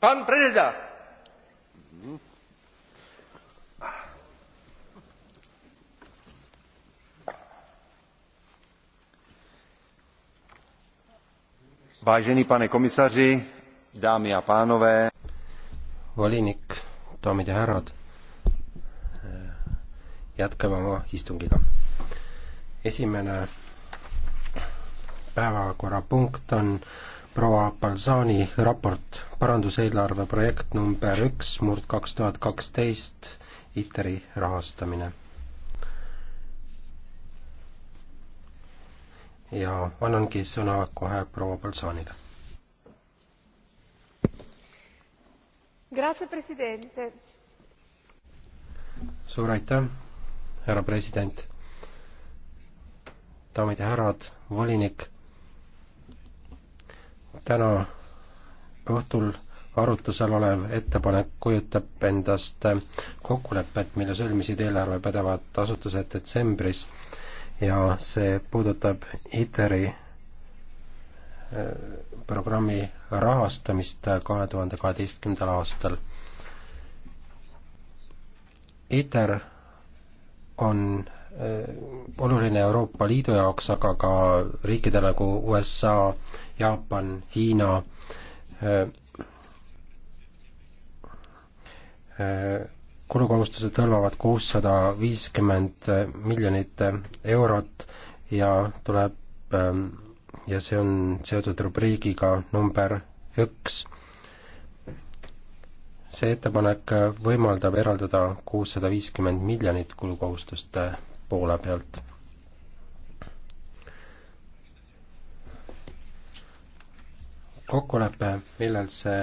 Pan prezident. Vážený pane komisaři, dámy a pánové. Volinik, daamid eh, ja härrad. Jätkame oma istungiga. Esimene päevakorrapunkt on proua Balzani raport paranduseelarve projekt number üks murd kaks tuhat kaksteist ITER-i rahastamine. ja annangi sõna kohe proua Balzanile. suur aitäh, härra president daamid ja härrad, volinik täna õhtul arutusel olev ettepanek kujutab endast kokkulepet, mille sõlmisid eelarvepädevad asutused detsembris ja see puudutab ITER-i äh, programmi rahastamist kahe tuhande kaheteistkümnendal aastal. ITER on Äh, oluline Euroopa Liidu jaoks, aga ka riikidele nagu USA, Jaapan, Hiina, äh, äh, kulukohustused hõlmavad kuussada viiskümmend miljonit eurot ja tuleb ähm, ja see on seotud rubriigiga number üks. see ettepanek võimaldab eraldada kuussada viiskümmend miljonit kulukohustuste poole pealt. kokkulepe, millel see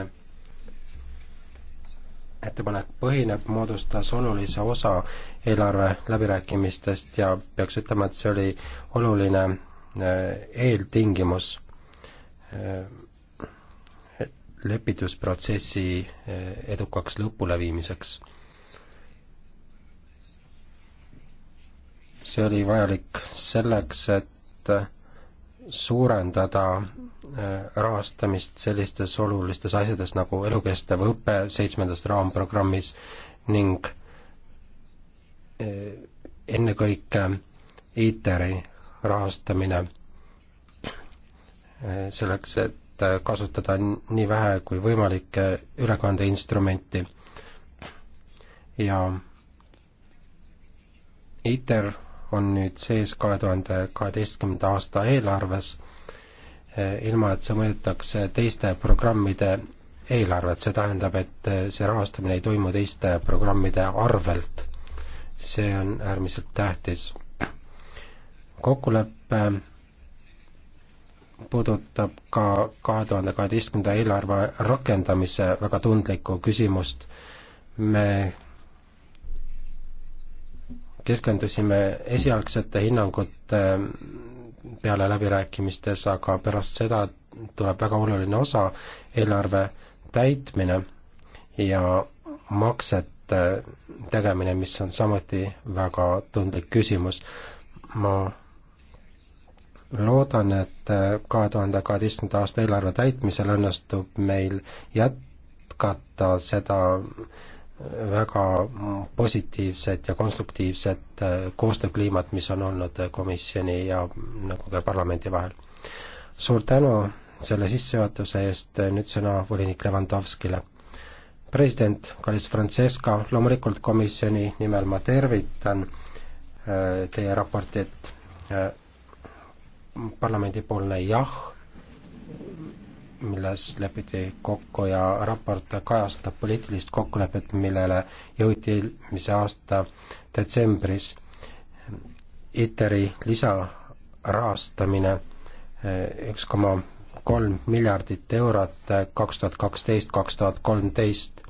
ettepanek põhineb, moodustas olulise osa eelarve läbirääkimistest ja peaks ütlema, et see oli oluline äh, eeltingimus äh, lepitusprotsessi äh, edukaks lõpuleviimiseks see oli vajalik selleks, et suurendada äh, rahastamist sellistes olulistes asjades nagu elukestev õpe seitsmendas raamprogrammis ning äh, ennekõike ITER-i rahastamine äh, selleks, et kasutada nii vähe kui võimalik ülekandeinstrumenti. ja ITER on nüüd sees kahe tuhande kaheteistkümnenda aasta eelarves, eh, ilma et see mõjutaks teiste programmide eelarvet, see tähendab, et eh, see rahastamine ei toimu teiste programmide arvelt. see on äärmiselt tähtis. kokkulepe eh, puudutab ka kahe tuhande kaheteistkümnenda eelarve rakendamise väga tundlikku küsimust. me keskendusime esialgsete hinnangute ähm, peale läbirääkimistes, aga pärast seda tuleb väga oluline osa, eelarve täitmine ja maksete tegemine, mis on samuti väga tundlik küsimus. ma loodan, et äh, kahe tuhande kaheteistkümnenda aasta eelarve täitmisel õnnestub meil jätkata seda väga positiivset ja konstruktiivset äh, koostöökliimat, mis on olnud komisjoni ja nagu ka parlamendi vahel. suur tänu selle sissejuhatuse eest, nüüd sõna volinik Levanovskile. president Kalis Francesca, loomulikult komisjoni nimel ma tervitan äh, teie raportit, äh, parlamendipoolne jah milles lepiti kokku ja raport kajastab poliitilist kokkulepet, millele jõuti eelmise aasta detsembris. ITER-i lisarahastamine eh, üks koma kolm miljardit eurot eh, kaks tuhat kaksteist, kaks tuhat kolmteist.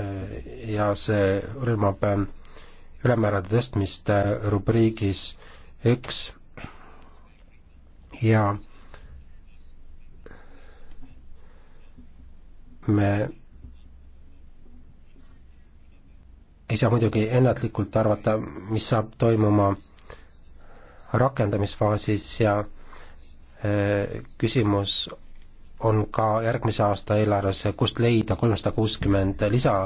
Eh, ja see hõlmab ülemmäärade tõstmist äh, rubriigis üks ja me ei saa muidugi ennatlikult arvata, mis saab toimuma rakendamisfaasis ja äh, küsimus on ka järgmise aasta eelarves, kust leida kolmsada kuuskümmend lisa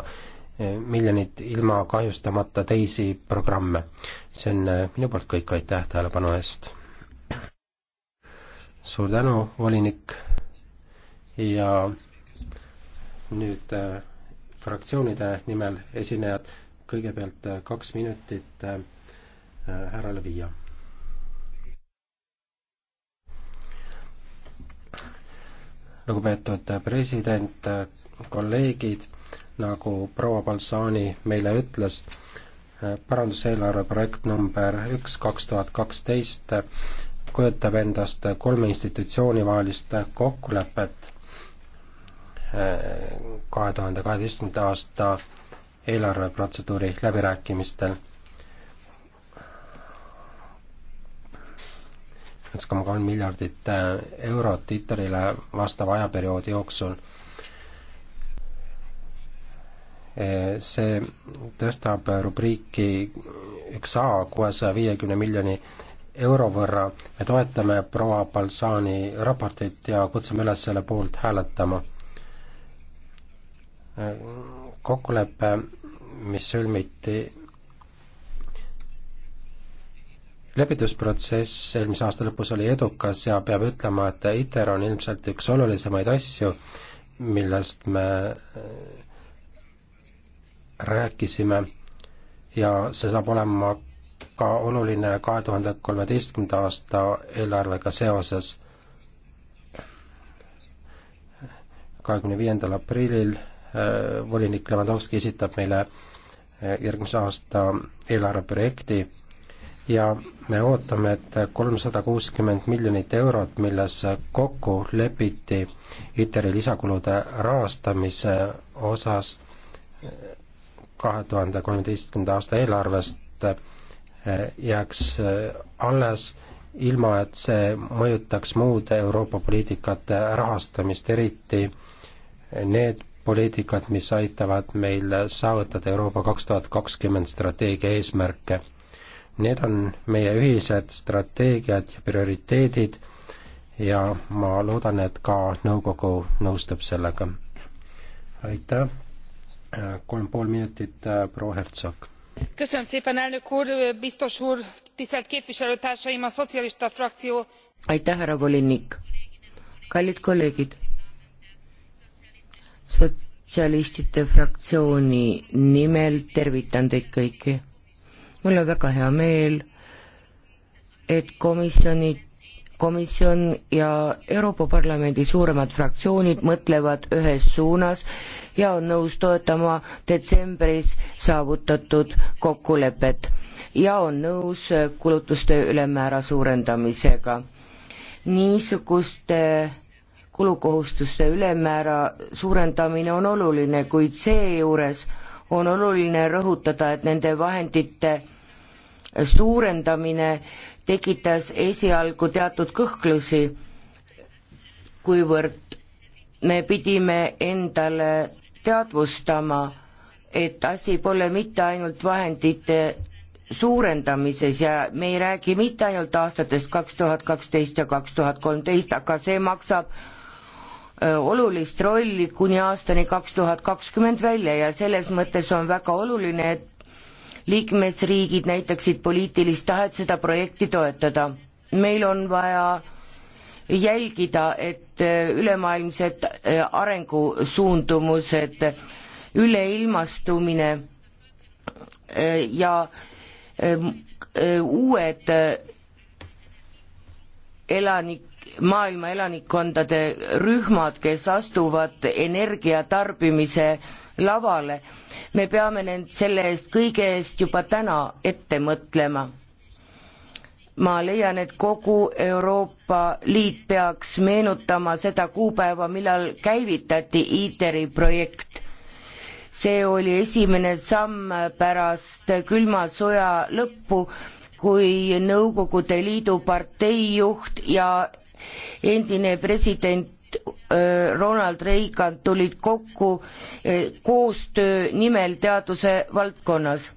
Eh, miljonit ilma kahjustamata teisi programme. see on eh, minu poolt kõik, aitäh tähelepanu eest! suur tänu, volinik, ja nüüd äh, fraktsioonide nimel esinejad, kõigepealt äh, kaks minutit äh, härra Levija. lugupeetud president, kolleegid nagu proua Balsani meile ütles, äh, paranduseelarve projekt number üks kaks tuhat kaksteist äh, kujutab endast kolme institutsiooni vahelist kokkulepet äh, kahe tuhande kaheteistkümnenda aasta eelarveprotseduuri läbirääkimistel üks koma kolm miljardit eurot ITER-ile vastava ajaperioodi jooksul see tõstab rubriiki üks A kuuesaja viiekümne miljoni euro võrra. me toetame proua Balsani raportit ja kutsume üles selle poolt hääletama. kokkulepe, mis sõlmiti lepitusprotsess eelmise aasta lõpus oli edukas ja peab ütlema, et ITER on ilmselt üks olulisemaid asju, millest me rääkisime ja see saab olema ka oluline kahe tuhande kolmeteistkümnenda aasta eelarvega seoses. kahekümne viiendal aprillil äh, volinik Levandovski esitab meile äh, järgmise aasta eelarveprojekti ja me ootame, et kolmsada kuuskümmend miljonit eurot, milles kokku lepiti ITER-i lisakulude rahastamise osas, kahe tuhande kolmeteistkümnenda aasta eelarvest eh, jääks eh, alles, ilma et see mõjutaks muude Euroopa poliitikate rahastamist, eriti eh, need poliitikad, mis aitavad meil saavutada Euroopa kaks tuhat kakskümmend strateegia eesmärke. Need on meie ühised strateegiad ja prioriteedid ja ma loodan, et ka nõukogu nõustub sellega. aitäh, kolm pool minutit, äh, proua Hertsog. köszönöm szépen, elnök úr, biztos úr, tisztelt képviselőtársaim, a szocialista frakció. aitäh, härra volinik. kallid kolleegid. sotsialistide fraktsiooni nimel tervitan teid kõiki. mul on väga hea meel, et komisjoni komisjon ja Euroopa Parlamendi suuremad fraktsioonid mõtlevad ühes suunas ja on nõus toetama detsembris saavutatud kokkulepet ja on nõus kulutuste ülemmäära suurendamisega. niisuguste kulukohustuste ülemmäära suurendamine on oluline, kuid seejuures on oluline rõhutada, et nende vahendite suurendamine tekitas esialgu teatud kõhklusi, kuivõrd me pidime endale teadvustama, et asi pole mitte ainult vahendite suurendamises ja me ei räägi mitte ainult aastatest kaks tuhat kaksteist ja kaks tuhat kolmteist, aga see maksab olulist rolli kuni aastani kaks tuhat kakskümmend välja ja selles mõttes on väga oluline, et liikmesriigid näitaksid poliitilist tahet seda projekti toetada. meil on vaja jälgida, et äh, ülemaailmsed äh, arengusuundumused, üleilmastumine äh, ja uued elanik-, maailma elanikkondade rühmad, kes astuvad energiatarbimise lavale. me peame nend-, selle eest kõige eest juba täna ette mõtlema. ma leian, et kogu Euroopa Liit peaks meenutama seda kuupäeva, millal käivitati ITER-i projekt. see oli esimene samm pärast külma sõja lõppu, kui Nõukogude Liidu parteijuht ja endine president äh, Ronald Reagan tulid kokku äh, koostöö nimel teaduse valdkonnas.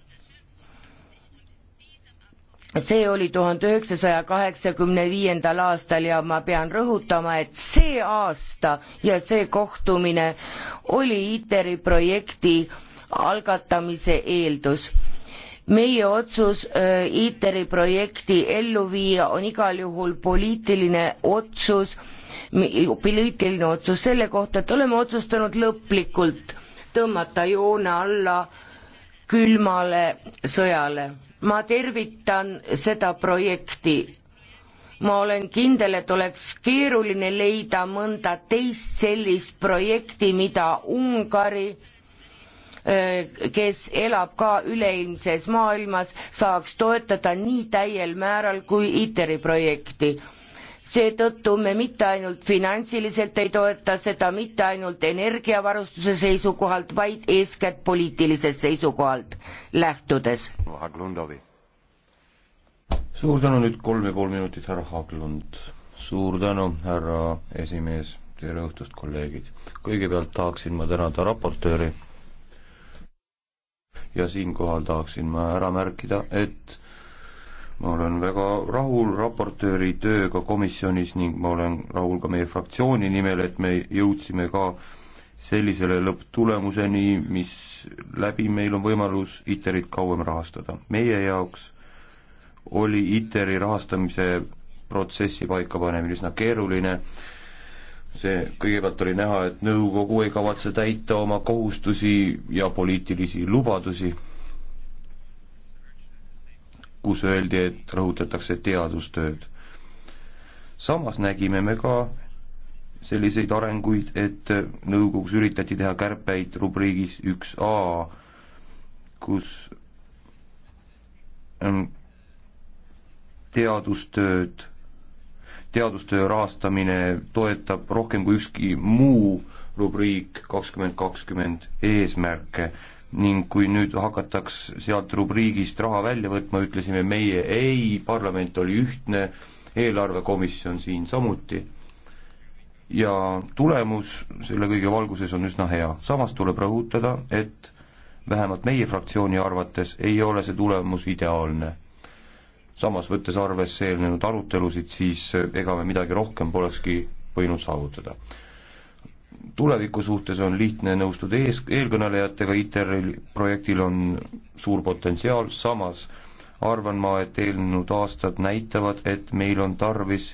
see oli tuhande üheksasaja kaheksakümne viiendal aastal ja ma pean rõhutama, et see aasta ja see kohtumine oli ITER-i projekti algatamise eeldus meie otsus äh, ITER-i projekti ellu viia on igal juhul poliitiline otsus, poliitiline otsus selle kohta, et oleme otsustanud lõplikult tõmmata joone alla külmale sõjale. ma tervitan seda projekti. ma olen kindel, et oleks keeruline leida mõnda teist sellist projekti, mida Ungari Äh, kes elab ka üleilmses maailmas, saaks toetada nii täiel määral kui ITER-i projekti seetõttu me mitte ainult finantsiliselt ei toeta seda mitte ainult energiavarustuse seisukohalt, vaid eeskätt poliitilisest seisukohalt lähtudes. suur tänu nüüd kolm ja pool minutit, härra Haaglund. suur tänu, härra esimees, tere õhtust, kolleegid. kõigepealt tahaksin ma tänada raportööri ja siinkohal tahaksin ma ära märkida, et ma olen väga rahul raportööri tööga komisjonis ning ma olen rahul ka meie fraktsiooni nimel, et me jõudsime ka sellisele lõpptulemuseni, mis läbi meil on võimalus ITER-it kauem rahastada. meie jaoks oli ITER-i rahastamise protsessi paikapanemine üsna keeruline, see kõigepealt oli näha, et nõukogu ei kavatse täita oma kohustusi ja poliitilisi lubadusi, kus öeldi, et rõhutatakse teadustööd. samas nägime me ka selliseid arenguid, et nõukogus üritati teha kärpeid rubriigis üks A, kus ähm, teadustööd teadustöö rahastamine toetab rohkem kui ükski muu rubriik kakskümmend kakskümmend eesmärke ning kui nüüd hakataks sealt rubriigist raha välja võtma, ütlesime meie ei, parlament oli ühtne, eelarvekomisjon siin samuti ja tulemus selle kõige valguses on üsna hea. samas tuleb rõhutada, et vähemalt meie fraktsiooni arvates ei ole see tulemus ideaalne samas võttes arvesse eelnenud arutelusid, siis eh, ega me midagi rohkem polekski võinud saavutada. tuleviku suhtes on lihtne nõustuda ees, eelkõnelejatega, ITER-il projektil on suur potentsiaal, samas arvan ma, et eelnenud aastad näitavad, et meil on tarvis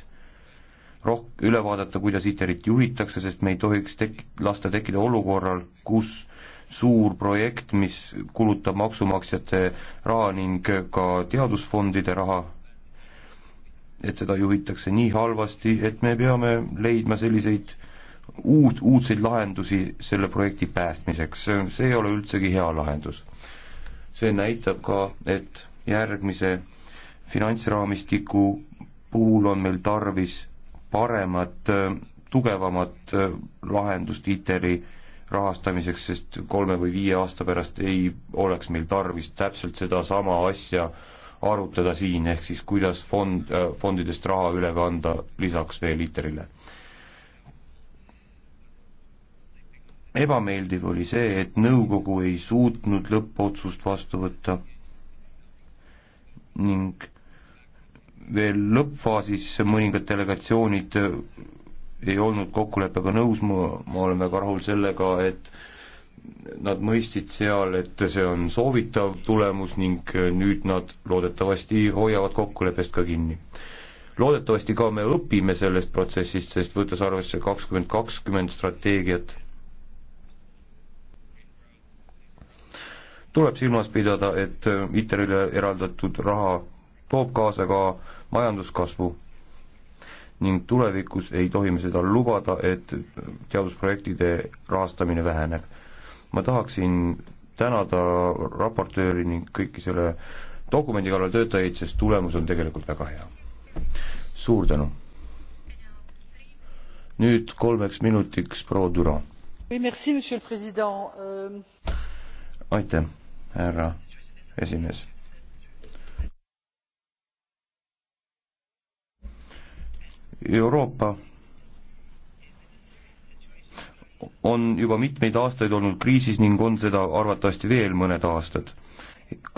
roh-, üle vaadata, kuidas ITER-it juhitakse, sest me ei tohiks tek-, lasta tekkida olukorral, kus suur projekt, mis kulutab maksumaksjate raha ning ka teadusfondide raha, et seda juhitakse nii halvasti, et me peame leidma selliseid uut, uudseid lahendusi selle projekti päästmiseks, see ei ole üldsegi hea lahendus. see näitab ka, et järgmise finantsraamistiku puhul on meil tarvis paremat, tugevamat lahendust ITER-i rahastamiseks, sest kolme või viie aasta pärast ei oleks meil tarvis täpselt sedasama asja arutada siin, ehk siis kuidas fond, äh, fondidest raha üle kanda lisaks veel ITER-ile. ebameeldiv oli see, et nõukogu ei suutnud lõppotsust vastu võtta ning veel lõppfaasis mõningad delegatsioonid ei olnud kokkuleppega nõus, ma, ma olen väga rahul sellega, et nad mõistsid seal, et see on soovitav tulemus ning nüüd nad loodetavasti hoiavad kokkuleppest ka kinni. loodetavasti ka me õpime sellest protsessist, sest võttes arvesse kakskümmend kakskümmend strateegiat, tuleb silmas pidada, et ITER-ile eraldatud raha toob kaasa ka majanduskasvu ning tulevikus ei tohi me seda lubada, et teadusprojektide rahastamine väheneb. ma tahaksin tänada raportööri ning kõiki selle dokumendi kallal töötajaid, sest tulemus on tegelikult väga hea. suur tänu! nüüd kolmeks minutiks proua Düra. Euh, aitäh, härra esimees Euroopa on juba mitmeid aastaid olnud kriisis ning on seda arvatavasti veel mõned aastad.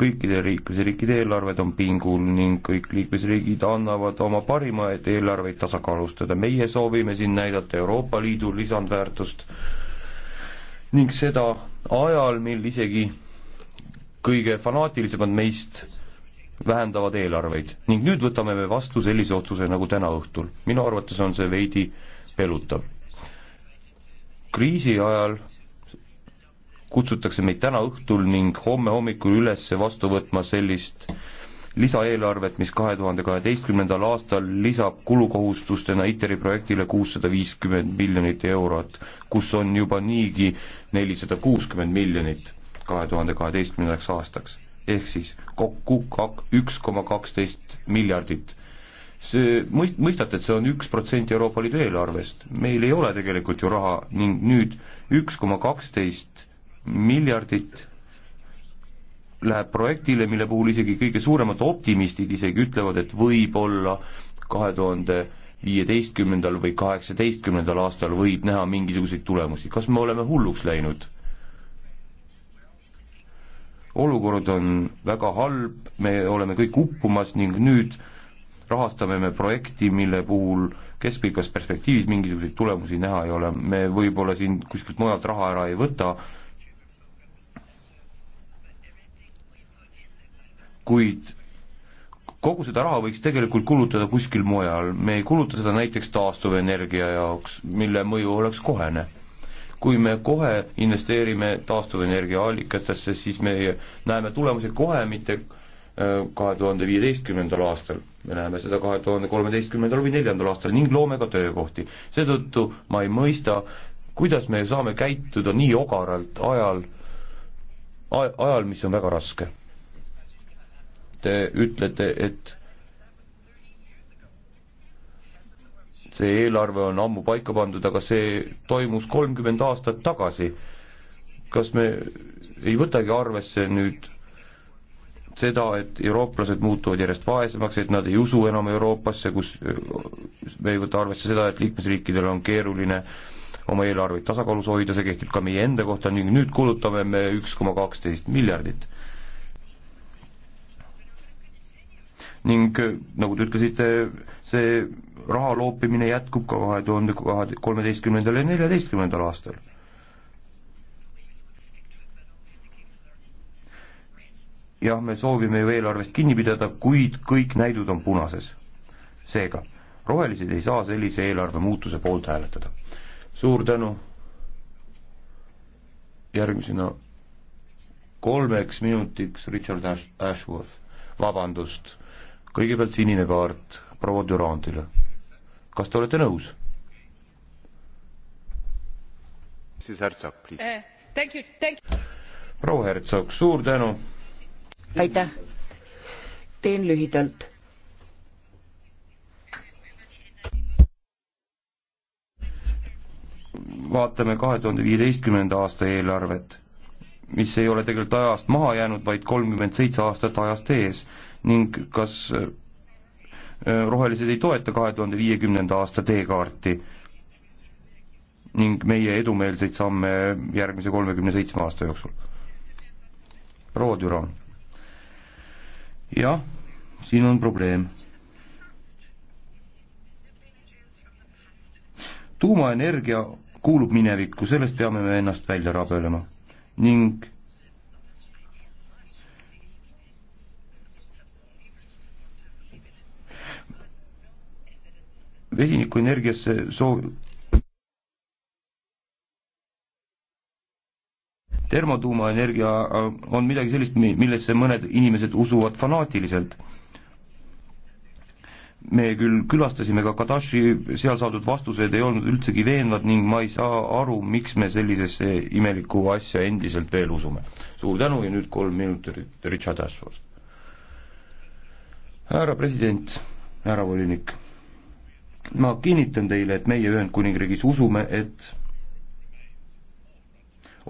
kõikide liikmesriikide eelarved on pingul ning kõik liikmesriigid annavad oma parima, et eelarveid tasakaalustada. meie soovime siin näidata Euroopa Liidu lisandväärtust ning seda ajal, mil isegi kõige fanaatilisemad meist vähendavad eelarveid ning nüüd võtame me vastu sellise otsuse nagu täna õhtul. minu arvates on see veidi pelutav. kriisi ajal kutsutakse meid täna õhtul ning homme hommikul üles vastu võtma sellist lisaeelarvet, mis kahe tuhande kaheteistkümnendal aastal lisab kulukohustustena ITER-i projektile kuussada viiskümmend miljonit eurot, kus on juba niigi nelisada kuuskümmend miljonit kahe tuhande kaheteistkümnendaks aastaks ehk siis kokku kak-, üks koma kaksteist miljardit. see, mõist-, mõistate, et see on üks protsent Euroopa Liidu eelarvest, meil ei ole tegelikult ju raha ning nüüd üks koma kaksteist miljardit läheb projektile, mille puhul isegi kõige suuremad optimistid isegi ütlevad, et võib-olla kahe tuhande viieteistkümnendal või kaheksateistkümnendal aastal võib näha mingisuguseid tulemusi, kas me oleme hulluks läinud? olukord on väga halb, me oleme kõik uppumas ning nüüd rahastame me projekti, mille puhul keskpikas perspektiivis mingisuguseid tulemusi näha ei ole, me võib-olla siin kuskilt mujalt raha ära ei võta, kuid kogu seda raha võiks tegelikult kulutada kuskil mujal, me ei kuluta seda näiteks taastuvenergia jaoks, mille mõju oleks kohene kui me kohe investeerime taastuvenergia allikatesse, siis me näeme tulemusi kohe, mitte äh, kahe tuhande viieteistkümnendal aastal, me näeme seda kahe tuhande kolmeteistkümnendal või neljandal aastal ning loome ka töökohti. seetõttu ma ei mõista, kuidas me saame käituda nii ogaralt ajal, ajal, mis on väga raske. Te ütlete, et see eelarve on ammu paika pandud, aga see toimus kolmkümmend aastat tagasi. kas me ei võtagi arvesse nüüd seda, et eurooplased muutuvad järjest vaesemaks, et nad ei usu enam Euroopasse, kus me ei võta arvesse seda, et liikmesriikidel on keeruline oma eelarveid tasakaalus hoida, see kehtib ka meie enda kohta ning nüüd kulutame me üks koma kaksteist miljardit. ning nagu te ütlesite, see raha loopimine jätkub ka kahe tuhande kahe, kolmeteistkümnendal ja neljateistkümnendal aastal. jah, me soovime ju eelarvest kinni pidada, kuid kõik näidud on punases. seega, rohelised ei saa sellise eelarve muutuse poolt hääletada. suur tänu, järgmisena kolmeks minutiks Richard Ash Ashworth, vabandust, kõigepealt sinine kaart proua Durandile kas te olete nõus? Eh, proua Hertsog, suur tänu! aitäh! teen lühidalt. vaatame kahe tuhande viieteistkümnenda aasta eelarvet, mis ei ole tegelikult ajast maha jäänud, vaid kolmkümmend seitse aastat ajast ees ning kas Äh, rohelised ei toeta kahe tuhande viiekümnenda aasta teekaarti ning meie edumeelseid samme järgmise kolmekümne seitsme aasta jooksul. proua Düran. jah, siin on probleem. tuumaenergia kuulub minevikku, sellest peame me ennast välja rabelema ning vesinikuenergiasse soov-, termotuumaenergia äh, on midagi sellist, millesse mõned inimesed usuvad fanaatiliselt. me küll külastasime ka Kadashi, seal saadud vastused ei olnud üldsegi veenvad ning ma ei saa aru, miks me sellisesse imelikku asja endiselt veel usume. suur tänu ja nüüd kolm minutit Richard Ashford. härra president, härra volinik ma kinnitan teile, et meie Ühendkuningriigis usume, et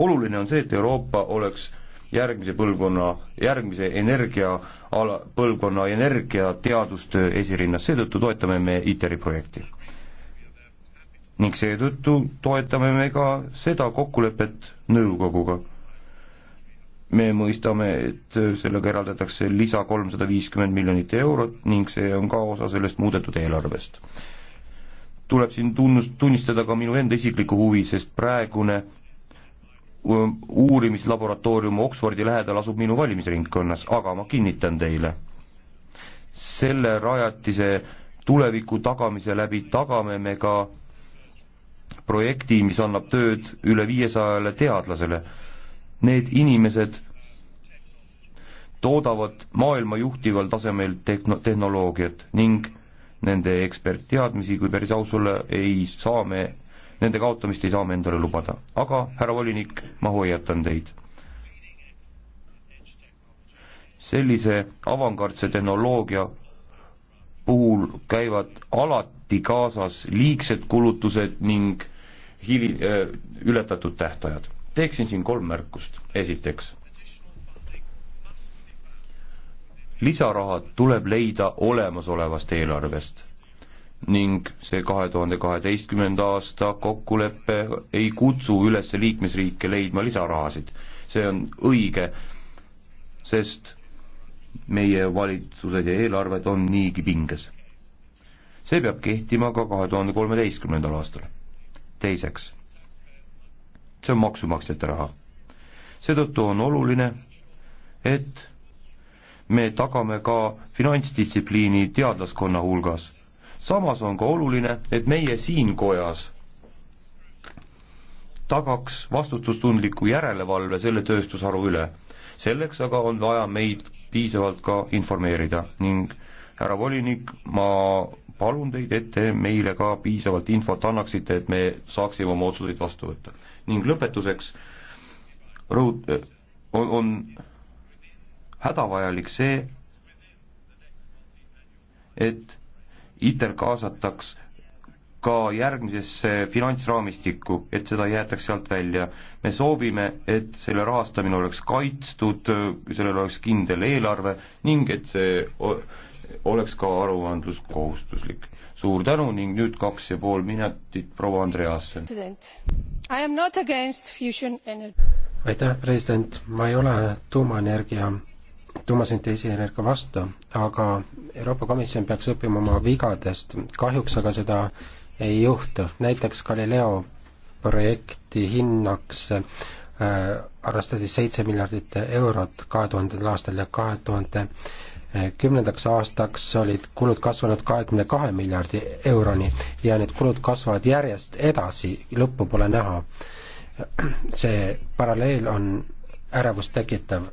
oluline on see, et Euroopa oleks järgmise põlvkonna, järgmise energia ala, põlvkonna energiateadustöö esirinnas, seetõttu toetame me ITER-i projekti. ning seetõttu toetame me ka seda kokkulepet nõukoguga. me mõistame, et sellega eraldatakse lisa kolmsada viiskümmend miljonit eurot ning see on ka osa sellest muudetud eelarvest tuleb siin tunnust, tunnistada ka minu enda isiklikku huvi, sest praegune um, uurimislaboratoorium Oxfordi lähedal asub minu valimisringkonnas, aga ma kinnitan teile, selle rajatise tuleviku tagamise läbi tagame me ka projekti, mis annab tööd üle viiesajale teadlasele. Need inimesed toodavad maailma juhtival tasemel tehno-, tehnoloogiat ning nende ekspertteadmisi, kui päris aus olla, ei saa me, nende kaotamist ei saa me endale lubada. aga, härra volinik, ma hoiatan teid. sellise avangardse tehnoloogia puhul käivad alati kaasas liigsed kulutused ning hili-, äh, ületatud tähtajad. teeksin siin kolm märkust. esiteks lisarahad tuleb leida olemasolevast eelarvest ning see kahe tuhande kaheteistkümnenda aasta kokkulepe ei kutsu üles liikmesriike leidma lisarahasid. see on õige, sest meie valitsused ja eelarved on niigi pinges. see peab kehtima ka kahe tuhande kolmeteistkümnendal aastal. teiseks, see on maksumaksjate raha. seetõttu on oluline, et me tagame ka finantsdistsipliini teadlaskonna hulgas. samas on ka oluline, et meie siin kojas tagaks vastutustundliku järelevalve selle tööstusharu üle. selleks aga on vaja meid piisavalt ka informeerida ning härra volinik, ma palun teid, et te meile ka piisavalt infot annaksite, et me saaksime oma otsuseid vastu võtta. ning lõpetuseks rõhut-, on, on hädavajalik see, et ITER kaasataks ka järgmisesse finantsraamistikku, et seda ei jäetaks sealt välja. me soovime, et selle rahastamine oleks kaitstud, sellel oleks kindel eelarve ning et see oleks ka aruandlus kohustuslik. suur tänu ning nüüd kaks ja pool minutit proua Andreasse. aitäh, president, ma ei ole tuumaenergia tuumasünteesienergia vastu, aga Euroopa Komisjon peaks õppima oma vigadest, kahjuks aga seda ei juhtu, näiteks Galileo projekti hinnaks äh, arvestades seitse miljardit eurot kahe tuhandendal aastal ja kahe tuhande kümnendaks aastaks olid kulud kasvanud kahekümne kahe miljardi euroni ja need kulud kasvavad järjest edasi, lõppu pole näha. see paralleel on ärevust tekitav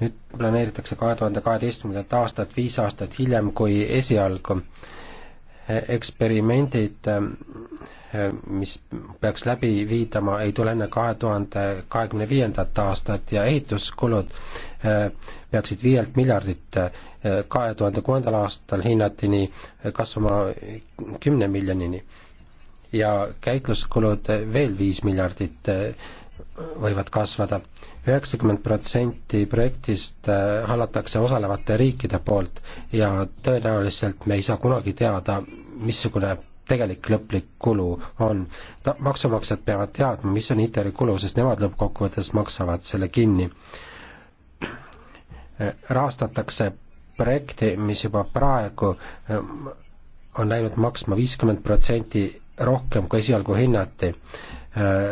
nüüd planeeritakse kahe tuhande kaheteistkümnendat aastat viis aastat hiljem kui esialgu. Eh, eksperimendid, eh, eh, mis peaks läbi viidama, ei tule enne kahe tuhande kahekümne viiendat aastat ja ehituskulud peaksid viielt miljardit kahe tuhande kuuendal aastal hinnati nii kasvama kümne miljonini ja käitluskulud veel viis miljardit võivad kasvada. üheksakümmend protsenti projektist äh, hallatakse osalevate riikide poolt ja tõenäoliselt me ei saa kunagi teada, missugune tegelik lõplik kulu on. maksumaksjad peavad teadma, mis on ITER-i kulu, sest nemad lõppkokkuvõttes maksavad selle kinni. rahastatakse projekti, mis juba praegu äh, on läinud maksma viiskümmend protsenti rohkem, kui esialgu hinnati äh,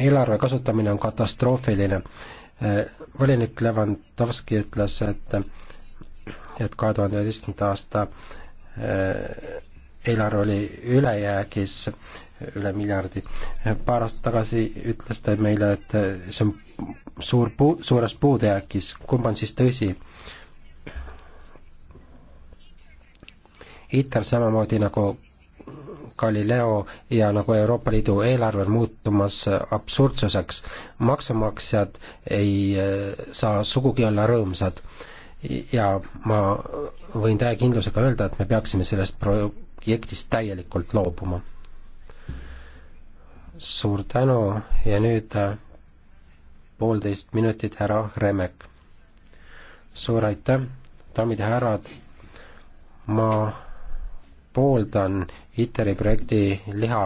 eelarve kasutamine on katastroofiline. volinik Levanovski ütles, et et kahe tuhande üheteistkümnenda aasta eh, eelarve oli ülejäägis üle miljardi. paar aastat tagasi ütles ta meile, et see on suur puu, suures puudejäägis, kumb on siis tõsi? ITER samamoodi nagu Galileo ja nagu Euroopa Liidu eelarve on muutumas absurdsuseks. maksumaksjad ei eh, saa sugugi olla rõõmsad. ja ma võin täie kindlusega öelda, et me peaksime sellest projektist täielikult loobuma. suur tänu ja nüüd eh, poolteist minutit, härra Remek. suur aitäh, daamid ja härrad, ma pooldan ITER-i projekti liha,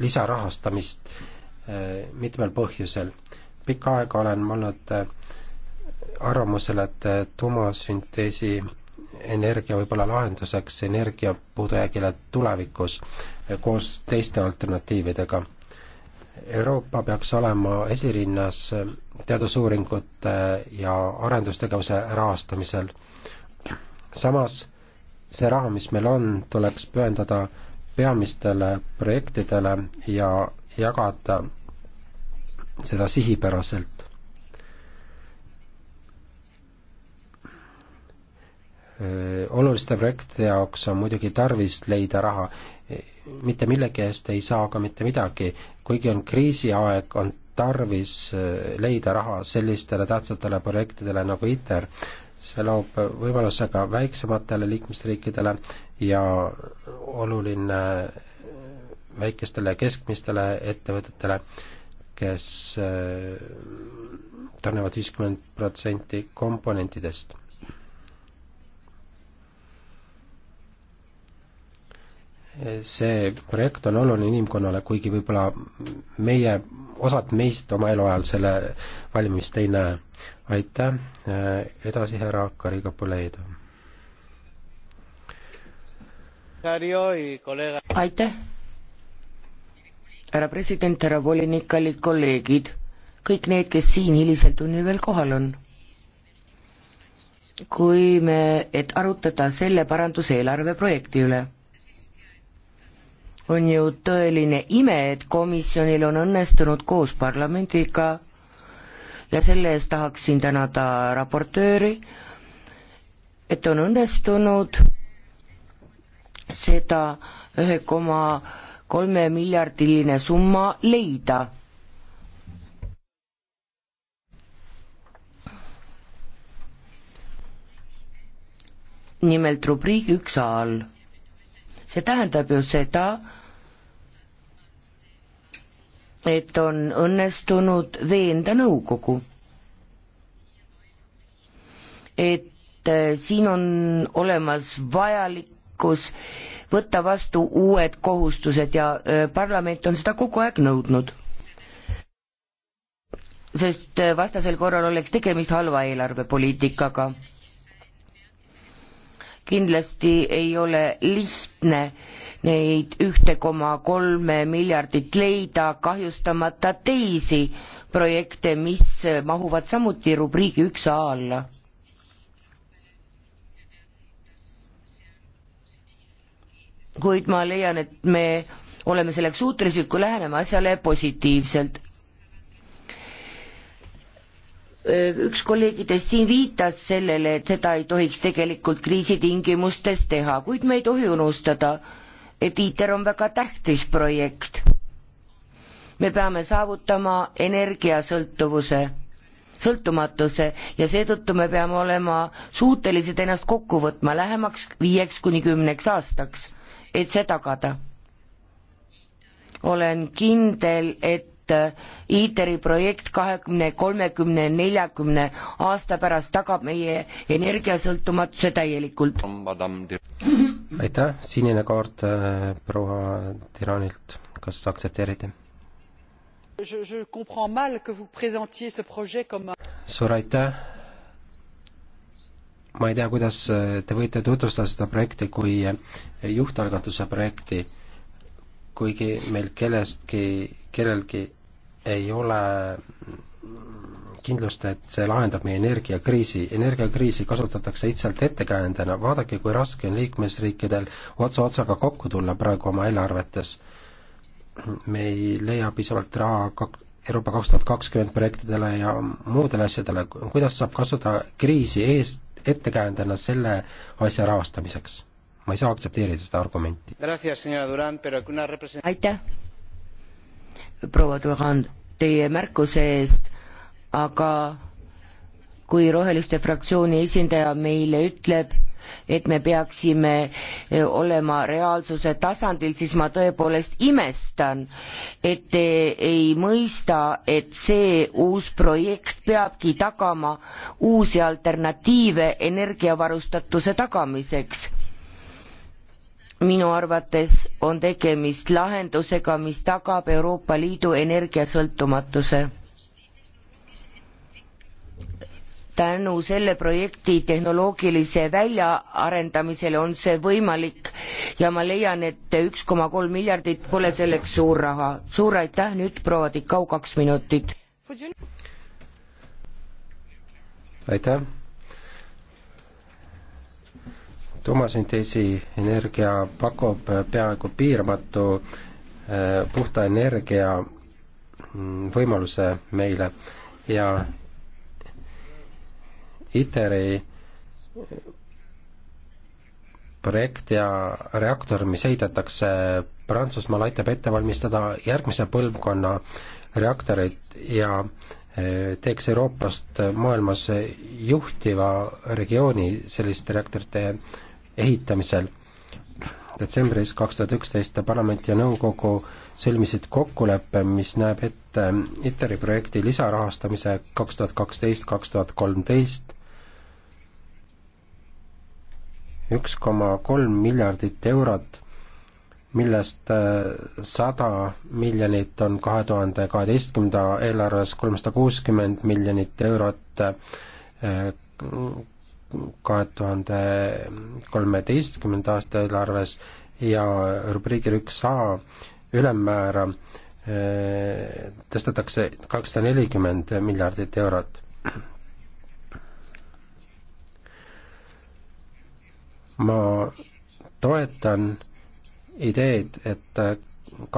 lisarahastamist äh, mitmel põhjusel. pikka aega olen olnud äh, arvamusel, et äh, tuumasünteesi energia võib olla lahenduseks energiapuudujäägile tulevikus koos teiste alternatiividega. Euroopa peaks olema esirinnas teadusuuringute ja arendustegevuse rahastamisel. samas see raha, mis meil on, tuleks pühendada peamistele projektidele ja jagada seda sihipäraselt. oluliste projektide jaoks on muidugi tarvis leida raha, mitte millegi eest ei saa ka mitte midagi, kuigi on kriisiaeg, on tarvis leida raha sellistele tähtsatele projektidele nagu ITER, see loob võimaluse ka väiksematele liikmesriikidele ja oluline äh, väikestele ja keskmistele ettevõtetele, kes äh, tarnivad viiskümmend protsenti komponentidest. see projekt on oluline inimkonnale, kuigi võib-olla meie osad meist oma eluajal selle valimist ei näe. aitäh, edasi härra Kariga Poleida. aitäh, härra president, härra volinik, kallid kolleegid, kõik need, kes siin hilisel tunnil veel kohal on. kui me, et arutada selle paranduseelarve projekti üle on ju tõeline ime, et komisjonil on õnnestunud koos parlamendiga ja selle eest tahaksin tänada raportööri, et on õnnestunud seda ühe koma kolme miljardiline summa leida nimelt rubriigi üks A all see tähendab ju seda, et on õnnestunud veenda nõukogu. et äh, siin on olemas vajalikkus võtta vastu uued kohustused ja äh, parlament on seda kogu aeg nõudnud. sest äh, vastasel korral oleks tegemist halva eelarvepoliitikaga kindlasti ei ole lihtne neid ühte koma kolme miljardit leida, kahjustamata teisi projekte, mis mahuvad samuti rubriigi üks A alla. kuid ma leian, et me oleme selleks suutelised, kui läheneme asjale positiivselt. Äh, üks kolleegidest siin viitas sellele, et seda ei tohiks tegelikult kriisitingimustes teha, kuid me ei tohi unustada, et ITER on väga tähtis projekt. me peame saavutama energiasõltuvuse, sõltumatuse ja seetõttu me peame olema suutelised ennast kokku võtma lähemaks viieks kuni kümneks aastaks, et see tagada. olen kindel, et et äh, ITER-i projekt kahekümne, kolmekümne, neljakümne aasta pärast tagab meie energiasõltumatuse täielikult. aitäh, sinine kaart äh, proua Tiranilt, kas aktsepteerite? suur aitäh ma ei tea, kuidas äh, te võite tutvustada seda projekti kui juhtalgatuse projekti kuigi meil kellestki, kellelgi ei ole kindlust, et see lahendab meie energiakriisi. energiakriisi kasutatakse lihtsalt ettekäändena, vaadake, kui raske on liikmesriikidel ots otsaga kokku tulla praegu oma eelarvetes. me ei leia piisavalt raha kak-, Euroopa kaks tuhat kakskümmend projektidele ja muudele asjadele, kuidas saab kasutada kriisi ees, ettekäändena selle asja rahastamiseks? ma ei saa aktsepteerida seda argumenti. aitäh, proua Durand, teie märkuse eest, aga kui Roheliste fraktsiooni esindaja meile ütleb, et me peaksime eh, olema reaalsuse tasandil, siis ma tõepoolest imestan, et te ei mõista, et see uus projekt peabki tagama uusi alternatiive energiavarustatuse tagamiseks minu arvates on tegemist lahendusega, mis tagab Euroopa Liidu energiasõltumatuse. tänu selle projekti tehnoloogilise väljaarendamisele on see võimalik ja ma leian, et üks koma kolm miljardit pole selleks suur raha. suur aitäh, nüüd proua Tikau, kaks minutit. aitäh tuumasünteesi energia pakub peaaegu piiramatu äh, puhta energia mm, võimaluse meile ja ITER-i äh, projekt ja reaktor, mis heidetakse Prantsusmaal, aitab ette valmistada järgmise põlvkonna reaktoreid ja äh, teeks Euroopast maailmas juhtiva regiooni selliste reaktorite ehitamisel. detsembris kaks tuhat üksteist parlament ja nõukogu sõlmisid kokkuleppe, mis näeb ette ITER-i projekti lisarahastamise kaks tuhat kaksteist, kaks tuhat kolmteist üks koma kolm miljardit eurot, millest äh, sada miljonit on kahe tuhande kaheteistkümnenda eelarves, kolmsada kuuskümmend miljonit eurot äh, kahe tuhande kolmeteistkümnenda aasta eelarves ja rubriigil üks A ülemmäära eh, tõstetakse kakssada nelikümmend miljardit eurot. ma toetan ideed, et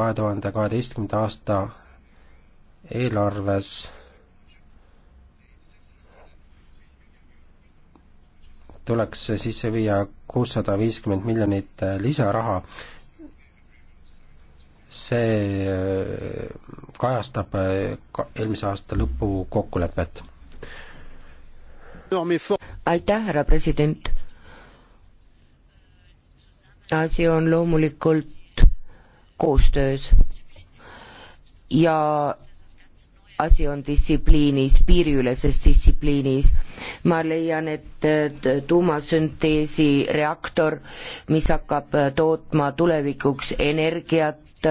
kahe tuhande kaheteistkümnenda aasta eelarves tuleks sisse viia kuussada viiskümmend miljonit lisaraha. see äh, kajastab eelmise aasta lõpu kokkulepet. aitäh, härra president. asi on loomulikult koostöös ja asi on distsipliinis, piiriüleses distsipliinis. ma leian, et tuumasünteesi reaktor, mis hakkab äh, tootma tulevikuks energiat,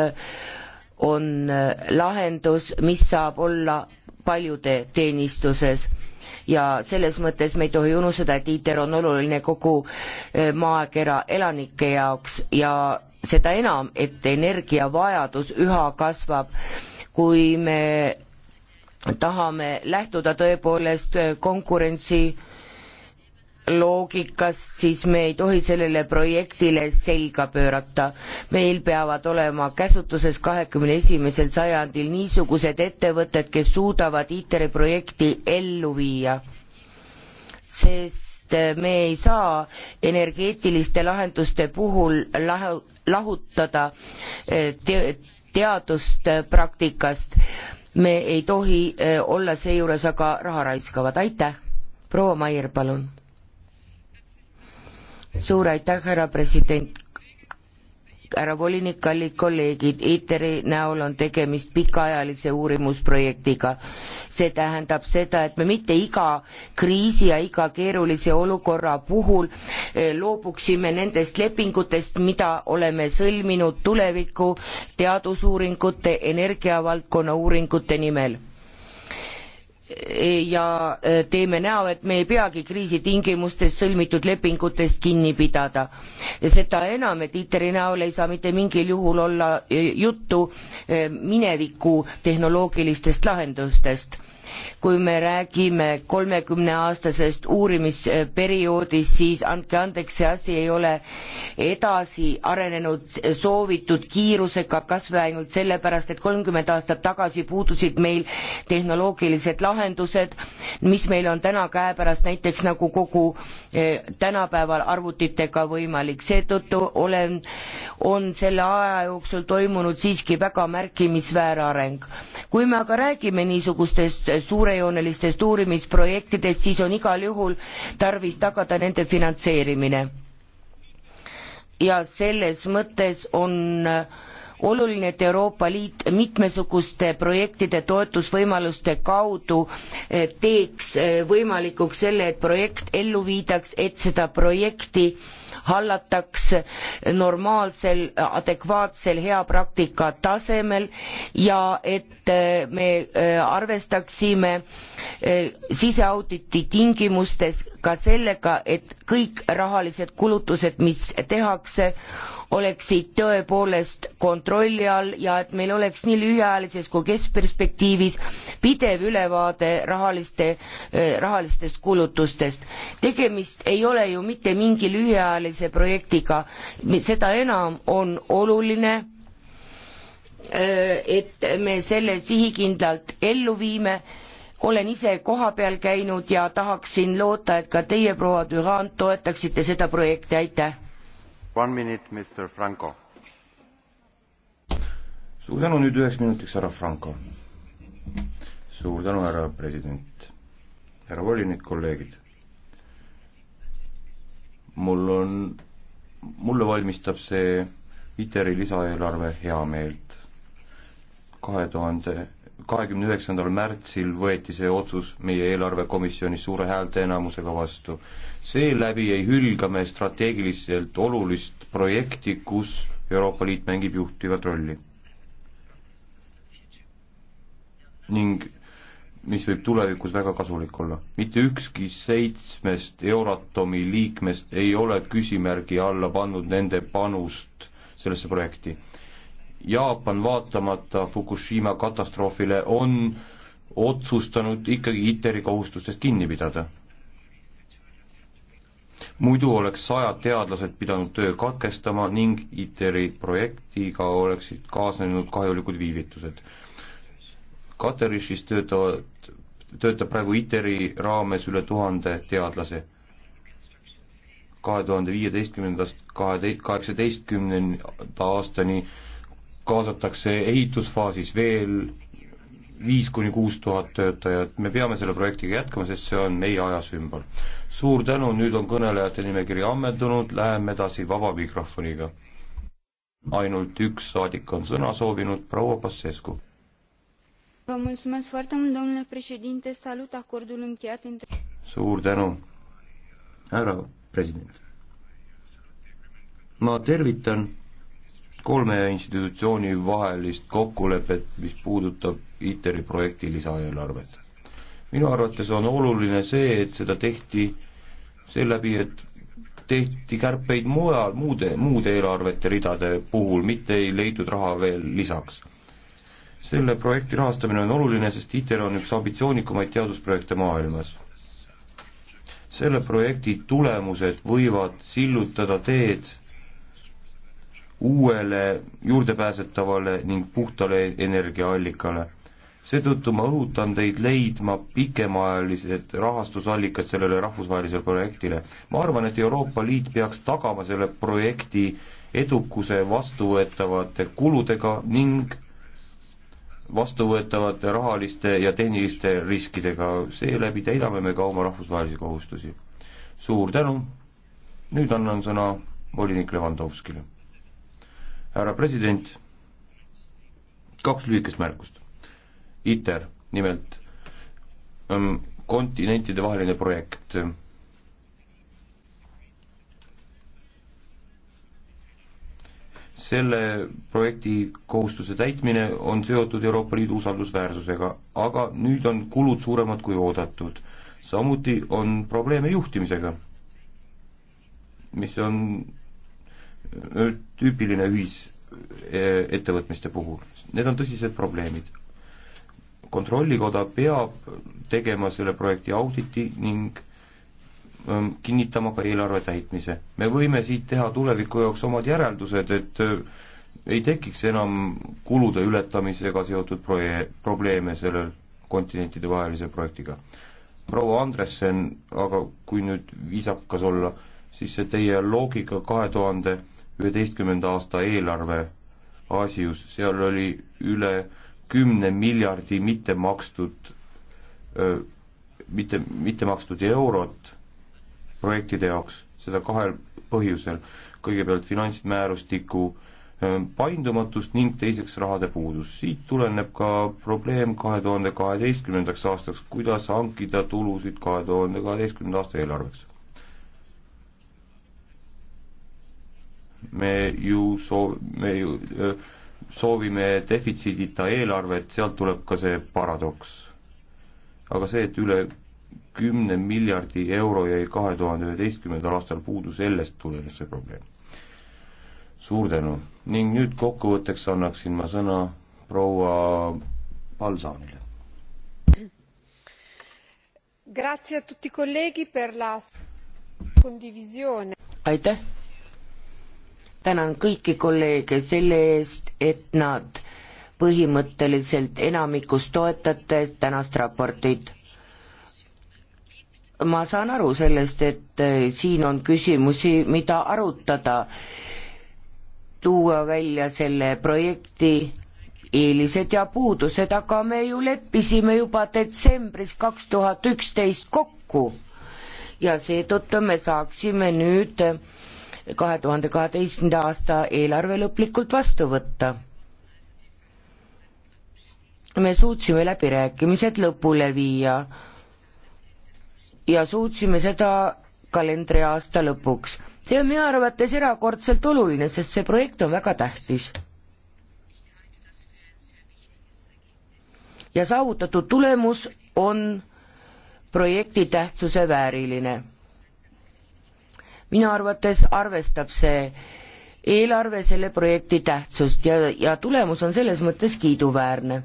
on äh, lahendus, mis saab olla paljude teenistuses ja selles mõttes me ei tohi unustada, et ITER on oluline kogu äh, maakera elanike jaoks ja seda enam, et energiavajadus üha kasvab, kui me tahame lähtuda tõepoolest konkurentsi loogikast, siis me ei tohi sellele projektile selga pöörata. meil peavad olema käsutuses kahekümne esimesel sajandil niisugused ettevõtted, kes suudavad ITER-i projekti ellu viia. sest me ei saa energeetiliste lahenduste puhul lahu-, lahutada te-, teadust praktikast me ei tohi eh, olla seejuures aga raha raiskavad, aitäh. proua Maier, palun. suur aitäh, härra president härra volinik, kallid kolleegid, ITER-i näol on tegemist pikaajalise uurimusprojektiga. see tähendab seda, et me mitte iga kriisi ja iga keerulise olukorra puhul eh, loobuksime nendest lepingutest, mida oleme sõlminud tuleviku teadusuuringute, energiavaldkonna uuringute nimel ja e, teeme näo, et me ei peagi kriisi tingimustes sõlmitud lepingutest kinni pidada. seda enam, et ITER-i näol ei saa mitte mingil juhul olla e, juttu e, mineviku tehnoloogilistest lahendustest kui me räägime kolmekümneaastasest uurimisperioodist, siis andke andeks, see asi ei ole edasi arenenud soovitud kiirusega, kas või ainult sellepärast, et kolmkümmend aastat tagasi puudusid meil tehnoloogilised lahendused, mis meil on täna käepärast, näiteks nagu kogu eh, tänapäeval arvutitega võimalik, seetõttu olen, on selle aja jooksul toimunud siiski väga märkimisväärne areng. kui me aga räägime niisugustest suur-, suurejoonelistest uurimisprojektidest, siis on igal juhul tarvis tagada nende finantseerimine. ja selles mõttes on oluline, et Euroopa Liit mitmesuguste projektide toetusvõimaluste kaudu eh, teeks eh, võimalikuks selle, et projekt ellu viidaks, et seda projekti äh, hallataks normaalsel, adekvaatsel hea praktika tasemel ja et eh, me eh, arvestaksime eh, siseauditi tingimustes ka sellega, et kõik rahalised kulutused, mis tehakse, oleksid tõepoolest kontrolli all ja et meil oleks nii lühiajalises kui keskperspektiivis pidev ülevaade rahaliste, eh, rahalistest kulutustest. tegemist ei ole ju mitte mingi lühiajalise projektiga, seda enam on oluline, eh, et me selle sihikindlalt ellu viime olen ise kohapeal käinud ja tahaksin loota, et ka teie, proua Durand, toetaksite seda projekti, aitäh! suur tänu, nüüd üheks minutiks härra Franco. suur tänu, härra president, härra volinik, kolleegid. mul on, mulle valmistab see ITER-i lisaeelarve heameelt. kahe tuhande kahekümne üheksandal märtsil võeti see otsus meie eelarvekomisjonis suure häälteenamusega vastu. seeläbi ei hülga me strateegiliselt olulist projekti, kus Euroopa Liit mängib juhtivat rolli. ning mis võib tulevikus väga kasulik olla. mitte ükski seitsmest Euratomi liikmest ei ole küsimärgi alla pannud nende panust sellesse projekti Jaapan vaatamata Fukushima katastroofile on otsustanud ikkagi ITER-i kohustustest kinni pidada. muidu oleks sajad teadlased pidanud töö katkestama ning ITER-i projektiga oleksid kaasnenud kahjulikud viivitused. Katerishis töötavad, töötab praegu ITER-i raames üle tuhande teadlase. kahe tuhande viieteistkümnendast kahe, kaheksateistkümnenda aastani kaasatakse ehitusfaasis veel viis kuni kuus tuhat töötajat, me peame selle projektiga jätkama, sest see on meie aja sümbol. suur tänu, nüüd on kõnelejate nimekiri ammendunud, läheme edasi vaba mikrofoniga. ainult üks saadik on sõna soovinud, proua Passescu. suur tänu, härra president. ma tervitan kolme institutsiooni vahelist kokkulepet, mis puudutab ITER-i projekti lisaeelarvet. minu arvates on oluline see, et seda tehti seeläbi, et tehti kärpeid mujal, muude, muude eelarvete ridade puhul, mitte ei leitud raha veel lisaks. selle projekti rahastamine on oluline, sest ITER on üks ambitsioonikumaid teadusprojekte maailmas. selle projekti tulemused võivad sillutada teed uuele juurdepääsetavale ning puhtale energiaallikale. seetõttu ma õhutan teid leidma pikemaajalised rahastusallikad sellele rahvusvahelisele projektile. ma arvan, et Euroopa Liit peaks tagama selle projekti edukuse vastuvõetavate kuludega ning vastuvõetavate rahaliste ja tehniliste riskidega, seeläbi täidame me ka oma rahvusvahelisi kohustusi. suur tänu, nüüd annan sõna volinik Levandovskile härra president, kaks lühikest märkust. ITER, nimelt ähm, kontinentidevaheline projekt. selle projekti kohustuse täitmine on seotud Euroopa Liidu usaldusväärsusega, aga nüüd on kulud suuremad kui oodatud. samuti on probleeme juhtimisega, mis on tüüpiline ühisettevõtmiste puhul. Need on tõsised probleemid. kontrollikoda peab tegema selle projekti auditi ning kinnitama ka eelarve täitmise. me võime siit teha tuleviku jaoks omad järeldused, et ei tekiks enam kulude ületamisega seotud proje-, probleeme sellel kontinentidevahelise projektiga. proua Andressen, aga kui nüüd viisakas olla, siis see teie loogika kahe tuhande 2000 üheteistkümnenda aasta eelarve Aasius, seal oli üle kümne miljardi mitte makstud, mitte, mitte makstud eurot projektide jaoks, seda kahel põhjusel. kõigepealt finantsmäärustiku paindumatust ning teiseks rahade puudus. siit tuleneb ka probleem kahe tuhande kaheteistkümnendaks aastaks, kuidas hankida tulusid kahe tuhande kaheteistkümnenda aasta eelarveks me ju soov-, me ju soovime defitsiidita eelarvet, sealt tuleb ka see paradoks. aga see, et üle kümne miljardi euro jäi kahe tuhande üheteistkümnendal aastal puudu, sellest tulenes see probleem. suur tänu ning nüüd kokkuvõtteks annaksin ma sõna proua Balsanile. aitäh tänan kõiki kolleege selle eest, et nad põhimõtteliselt enamikus toetate tänast raportit. ma saan aru sellest, et eh, siin on küsimusi, mida arutada, tuua välja selle projekti eelised ja puudused, aga me ju leppisime juba detsembris kaks tuhat üksteist kokku ja seetõttu me saaksime nüüd kahe tuhande kaheteistkümnenda aasta eelarve lõplikult vastu võtta. me suutsime läbirääkimised lõpule viia ja suutsime seda kalendriaasta lõpuks. see on minu arvates erakordselt oluline, sest see projekt on väga tähtis. ja saavutatud tulemus on projekti tähtsuse vääriline minu arvates arvestab see eelarve selle projekti tähtsust ja, ja tulemus on selles mõttes kiiduväärne.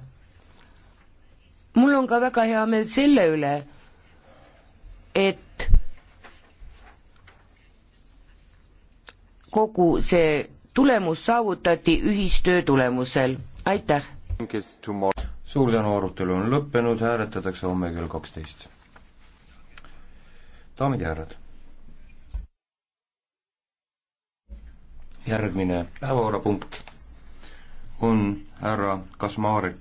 mul on ka väga hea meel selle üle, et kogu see tulemus saavutati ühistöö tulemusel, aitäh! suur tänu, arutelu on lõppenud, hääletatakse homme kell kaksteist. daamid ja härrad! järgmine päevakorrapunkt on härra Kasmarek